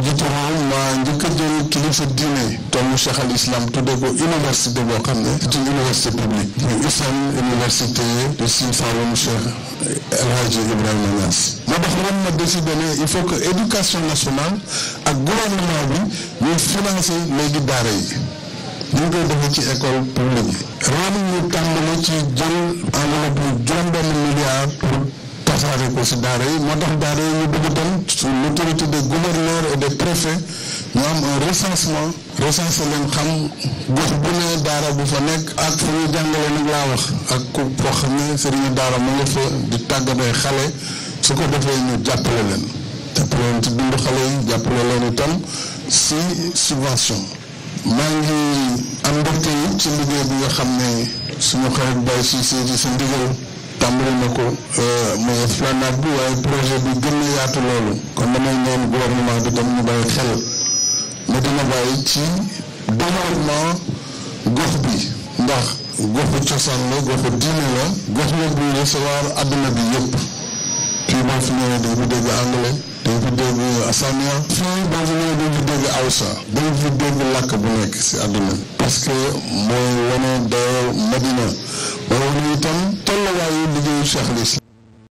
njiitu réew maa njëkk a jël kilifa diine tollu Cheikh al Islam tuddee ko université boo xam ne c'est une université publique muy ISAM université de Sine Saloum Cheikh El Hadji Ibrahima Niass moo tax ren na décidé ne il faut que éducation nationale ak gouvernement bi ñu financé léegi daara yi ñu ngi koy ci école publique yi ren ñu tàmbali ci jël enveloppe bu juróom-benn milliard pour ko si daara yi moo tax daara yi ñu dugg tam l'autorité de gouvernement les préfets ñu am un recensement recensé leen xam gox bu ne daara bu fa nekk ak fu ñu jàngale nag laa wax ak ku koo xam ne sëriñu daara mu nga fa di tàggat xale su ko defee ñu jàppale leen jàppale leen ci dundu xale yi jàppale leen itam si subvention maa ngi am mbokk yi ci liggéey bi nga xam ne suñu xarit Baye Cissé ci sa ndigal tàmbali na ko euh, mooy esplanade bi waaye projet bi gën yaatu loolu kon damay ñaan gouvernement bi dem ñu bàyyi xel ne dina bàyyi ci développement gox bi ndax goxu cosaan la goxu diine la gox la bu recevoir àdduna bi yëpp fii boo fi ñëwee dañ fi dégg anglais dañ fi dégg asania fii boo fi ñëwee dañ fi dégg awsa dañ fi dégg làkk bu nekk si àdduna parce que mooy Cheikh al Islam